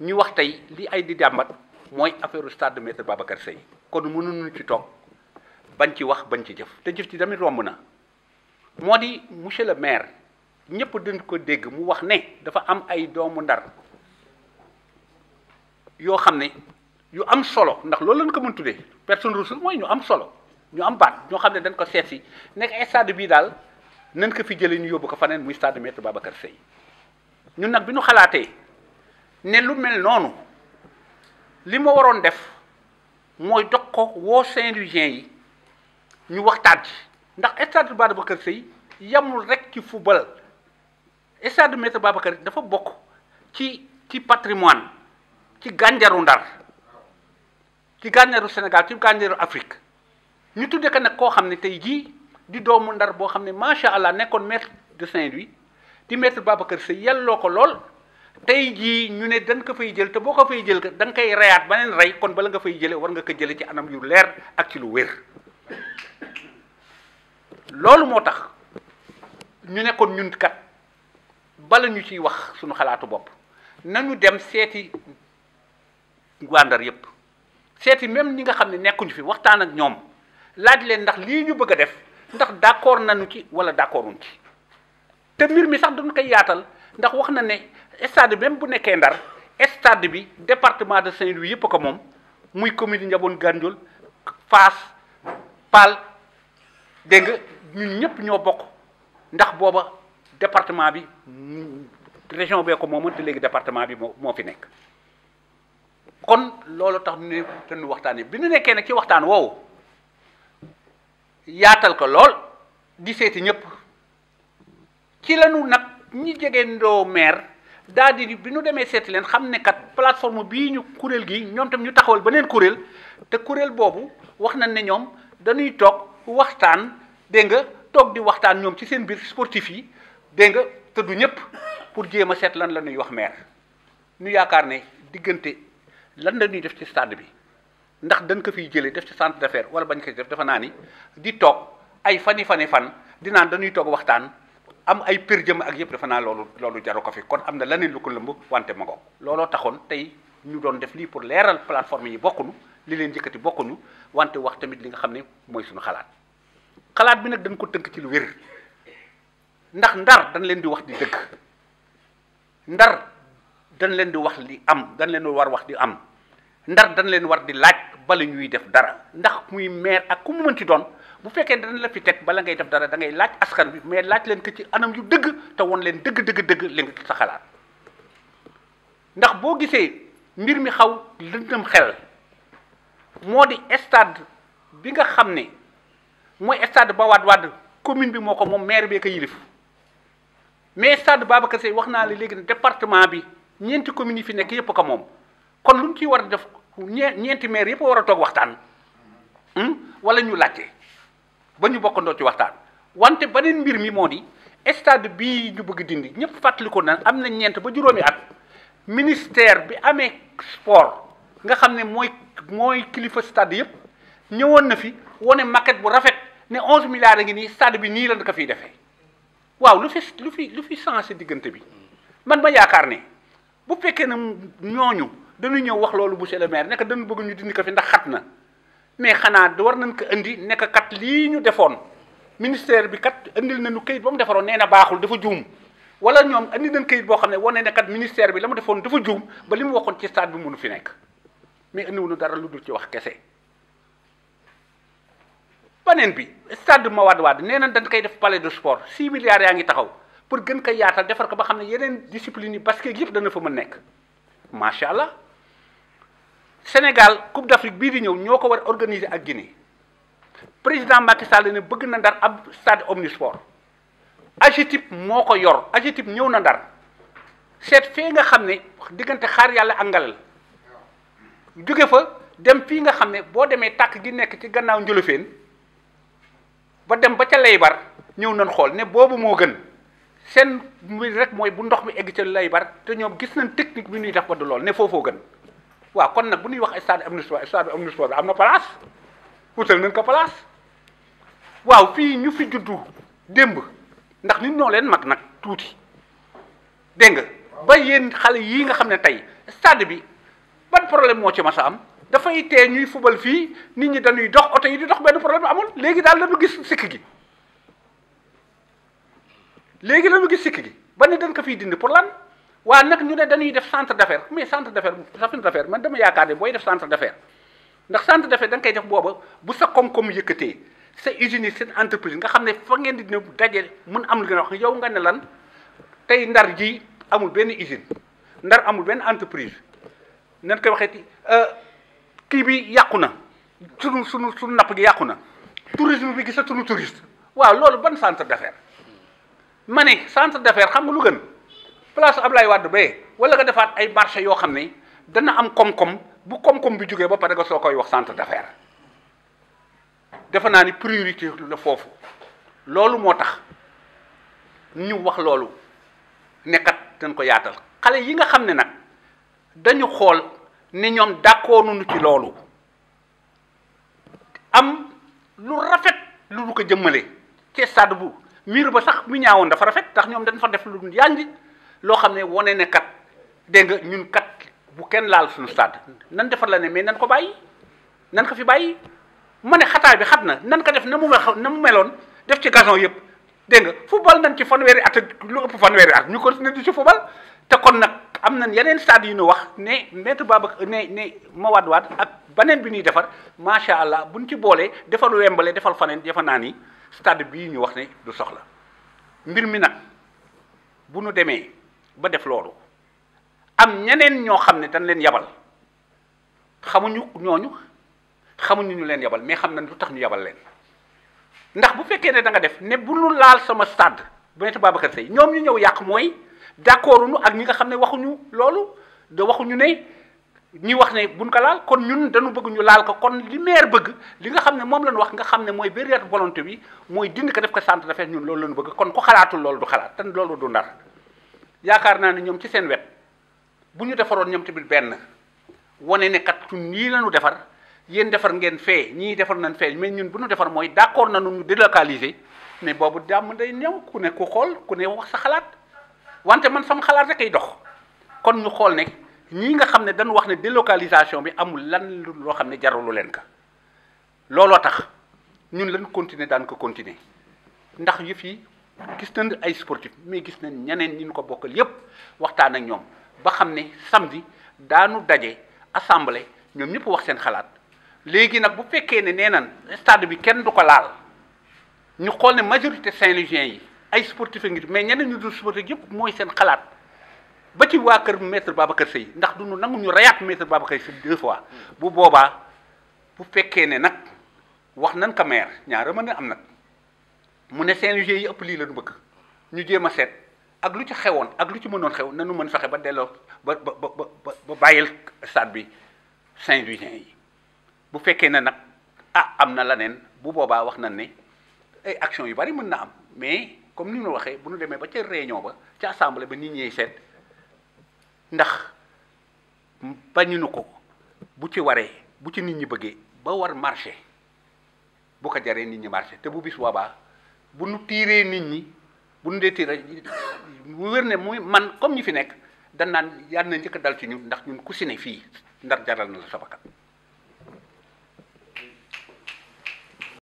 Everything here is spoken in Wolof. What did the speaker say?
ñu wax tey li ay di jàmbat mooy affaire stade maître Babacar sey kon ñu ci toog bañ ci wax bañ ci jëf te jëf ci tamit romb na moo di monsieur le maire ñëpp dund ko dégg mu wax ne dafa am ay doomu ndar yoo xam ne yu am solo ndax loolu lañ ko mën tuddee personne ressource mooy ñu am solo ñu am baat ñoo xam ne dañ ko seet si nekk ay stade bii daal nañ ko fi jëlee ñu yóbbu ko faneen muy stade maître Babacar sey ñun nag bi ñu ne lu mel noonu li ma waroon def mooy dox ko woo Saint-Louisien yi ñu waxtaan ci ndax stade Babacar Seye yamul rek ci football stade Maître Babacar dafa bokk ci ci patrimoine ci gànjaru Ndar ci gànjaru Sénégal ci gànjaru Afrique ñu tudde ko nag koo xam ne tey jii di doomu Ndar boo xam ne macha allah nekkoon maître de Saint-Louis di Maître Babacar Seye yelloo ko lool tey jii ñu ne dañ ko fay jël te boo ko fay jël da koy reyaat beneen rey kon bala nga fay jële war nga ko jële ci anam yu leer ak ci lu wér loolu moo tax ñu ne kon ñun kat bala ñu ciy wax suñu xalaatu bopp nañu dem seeti waa Ndar yépp seeti même ñi nga xam ne nekkuñu fi waxtaan ak ñoom laaj leen ndax lii ñu bëgg a def ndax d'accord nañu ci wala d'accorduñ ci te mbir mi sax dañ koy yaatal ndax wax na ne stade même bu nekkee ndar stade bi département de Saint-Louis yëpp ko moom muy commune njaboon Gandiol Fass Pal dégg nga ñun ñëpp ñoo bokk ndax booba département bi région bee ko moomante léegi département bi moo moo fi nekk kon loolu tax ñu ne te ñu bi ñu nekkee nag ci waxtaan woowu yaatal ko lool di seeti ñëpp ci lañu nag ñi jege ndoo maire. dadi di bi ñu demee sét leen xamné kat plateforme bi ñu kurel gi ñom tam ñu taxawal benen kurel te kurel bobu wax nañ ne ñom dañuy tok waxtaan dégg nga tok di waxtaan ñom ci seen sportifi, sportif yi dégg nga te du ñëpp pour jéem sét lan la ñuy wax mer ñu yaakar ne digënté lan la ñuy def ci stade bi ndax dañ ko fi jëlé def ci centre d'affaires wala bañ ko def dafa naani di tok ay fani fani fan di naan dañuy tok waxtaan. am ay pér jëm ak yëpp defe naa loolu loolu jaru ko fi kon am na leneen lu ko lëmb wante ma ngoog looloo taxoon tey ñu doon def lii pour leeral plateforme yi bokkuñu li leen njëkkati bokkuñu wante wax tamit li nga xam ne mooy suñu xalaat xalaat bi nag dañ ko tënk ci lu wér ndax ndar dañ leen di wax di dëgg ndar dañ leen di wax li am dañ leen war wax di am ndar dañ leen war di laaj bala ñuy def dara ndax muy maire ak ku mu mën ci doon bu fekkee ne dañ la fi teg bala ngay def dara da ngay laaj askan bi mais laaj leen ko ci anam yu dëgg te won leen dëgg dëgg dëgg li nga sa xalaat ndax boo gisee mbir mi xaw lëndëm xel moo di stade bi nga xam ne mooy stade ba waad waad commune bi moo ko moom maire bee ko yilif mais stade Babacar Seye wax naa la léegi ne département bi ñeenti commune yi fi nekk yépp ko moom kon lu ñu ciy war a def ñeenti maire yépp war a toog waxtaan hmm, wala ñu laajte ba ñu bokkandoo ci waxtaan wante beneen mbir mi moo di stade bii ñu bëgg dindi ñëpp fàttaliku na am na ñeent ba juróomi at ministère bi amee sport nga xam ne mooy mooy kilifa stade yëpp ñëwoon na fi wane maquette bu rafet ne onze milliards a ngi nii stade bi nii lañ ko fiy defee waaw lu fi lu fi lu fi changé diggante bi man ma yaakaar ne bu fekkee ne ñooñu dañu ñëw wax loolu bu le maire nekk dañu bëgg ñu dindi ko fi ndax xat na. mais xana door nañ ko indi nekk kat lii ñu defoon ministère bi kat indil nañu kayit ba mu defaroon nee dafa juum wala ñoom indi nañ kayit boo xam ne wane kat ministère bi la defoon dafa juum ba li mu ci stade bi mënu fi nekk mais indiwuñu dara lu ci wax kese. baneen bi stade Mawade Wade nee dañ koy def palais de sport 6 milliards yaa taxaw pour gën ko yaatal defar ko ba xam yeneen discipline yi basket yëpp dana fa mën nekk macha Sénégal Coupe d'Afrique bii di ñëw ñoo ko war a organiser ak gini président Macky Sall ne bëgg na ndar ab stade omnisport AGETIP moo ko yor AGETIP ñëw na ndar seet fee nga xam ne diggante xaar yàlla ak ngalal jóge fa dem fii nga xam ne boo demee tàkk gi nekk ci gannaaw njëlofeen ba dem ba ca laybar ñëw nañ xool ne boobu moo gën seen mbir rek mooy bu ndox mi egg ca laybar te ñoom gis nañ technique bi ñuy tax ba du lool ne foofoo gën wa kon nak bu ñuy wax stade Amnistoire stade Amnistoire am amna place wutal nañ ko place waaw fii ñu fi juddu démb ndax nit ñoo leen mag nag tuuti dégg nga ba yéen xale yii nga xam ne tey stade bi ban problème moo ci mas a am dafay tee ñuy fubal fii nit ñi dañuy dox oto yi di dox benn problème amul léegi daal lañu gis sikk gi léegi lañu gis sikk gi ba ne dañ ko fiy dindi pour lan waa nag ñu ne dañuy def centre d'affaires mais centre d'affaires centre d'affaires man dama yaakaar ne booy def centre d'affaires ndax centre d'affaires da nga koy def booba bu sa koom-koom yëkkatee sa usine seen entreprise nga xam ne fa ngeen di ne daje mun am lu gën a wax yow nga ne lan tey ndar ji amul benn usine ndar amul benn entreprise nan koy waxeeti euh, kii bi yàqu na sunu sunu sunu napp gi yàqu na tourisme bi gisa sa sunu touriste waa loolu ban centre d'affaires ma ne centre d'affaires xam nga lu gën place Ablaye Wade be, wala nga defat ay marché yo xam dana am kom kom bu komkom kom bi jógee ba pare nga sokoy wax centre d'affaires defe naa ni priorité le nekat lolou motax ñu wax loolu nekkat dañ ko yaatal xalé yi nga nak dañu xol ni ñom d'accordu nu ci lolou am lu rafet lu ko jëmmalé ci sadbu bu ba sax mi ñaawon dafa rafet tax ñom dañ fa def lu yandi loo xam ne wane ne kat dégg nga ñun kat bu kenn laal suñu stade nan defar la ne mais nan ko bàyyi nan ko fi bàyyi ma ne xataay bi xat na nan ko def na mu na mu meloon def ci gazon yëpp dégg nga football nan ci fanweeri at ak lu ëpp fanweeri at ñu continuer du ci football te kon nag am na yeneen stade yu ñu wax ne maître Baba ne ne Mawade Wade ak beneen bi ñuy defar macha allah buñ ci boolee defal Wembley defal faneen defa naa ni stade bii ñu wax ne du soxla mbir mi nag bu nu demee ba def loolu am ñeneen ñoo xam ne dañ leen yabal xamuñu ñooñu xamuñu ñu leen yabal mais xam nañ lu tax ñu yabal leen ndax bu fekkee ne da nga def ne bu lu laal sama stade bu nekk Babacar Seye ñoom ñu ñëw yàq mooy d'accord ñu ak ñi nga xam ne waxuñu loolu da waxuñu ne ñi wax ne buñ ko laal kon ñun dañu bëgg ñu laal ko kon li maire bëgg li nga xam ne moom lañu wax nga xam ne mooy véritable volonté bi mooy dindi ko def ko centre d'affaires ñun loolu lañu bëgg kon ko xalaatul loolu du xalaat tan loolu du ndar yaakaar naa ne ñoom ci seen wet bu ñu defaroon ñoom tamit benn wane ne kat nii la defar yéen defar ngeen fee ñii defar nañ fee mais ñun bu ñu defar mooy d'accord nu ñu délocaliser mais boobu jàmm day ñëw ku ne ku xool ku ne wax sa xalaat wante man sama xalaat rek ay dox kon ñu xool ne ñii nga xam ne dañu wax ne délocalisation bi amul lan loo xam ne jaralu leen ka looloo tax ñun lañ continuer daan ko continuer ndax yëf fii gis nañ ay sportif mais gis nañ ñeneen ñi ñu ko bokkal yépp waxtaan ak ñoom ba xam ne samedi daanu daje assemble ñoom ñëpp wax seen xalaat léegi nag bu fekkee ne nee nan stade bi kenn du ko laal ñu xool ne majorité Saint-Louisiens yi ay sportif a ngi mais ñeneen ñu dul sportif yépp mooy seen xalaat ba ci waa kër maître Babacar Seye ndax du ñu nangu ñu reyaat maître Babacar Seye deux fois mm. bu boobaa bu fekkee ne nag wax nan ko maire ñaara mën a am nag mu ne CNG yi ëpp lii la ñu bëgg ñu jéem a seet ak lu ci xewoon ak lu ci mënoon xew nu mën fexe ba delloo ba ba ba ba bàyyil stade bi Saint-Louisien yi bu fekkee ne nag ah am na leneen bu boobaa wax na ne ay action yu bari mën na am mais comme ni ñu waxee bu ñu demee ba ca réunion ba ca assemblée ba nit ñiy seet ndax bañu nu ko bu ci waree bu ci nit ñi bëggee ba war marché bu ko jaree nit ñi marché te bu bis boobaa. bu nu tiiree nit ñi bu nu dee tiiree mu wér ne muy man comme ñi fi nekk dan naan yàlla na njëkk dal ci ñun ndax ñun ku si ne fii ndar jaral na la sa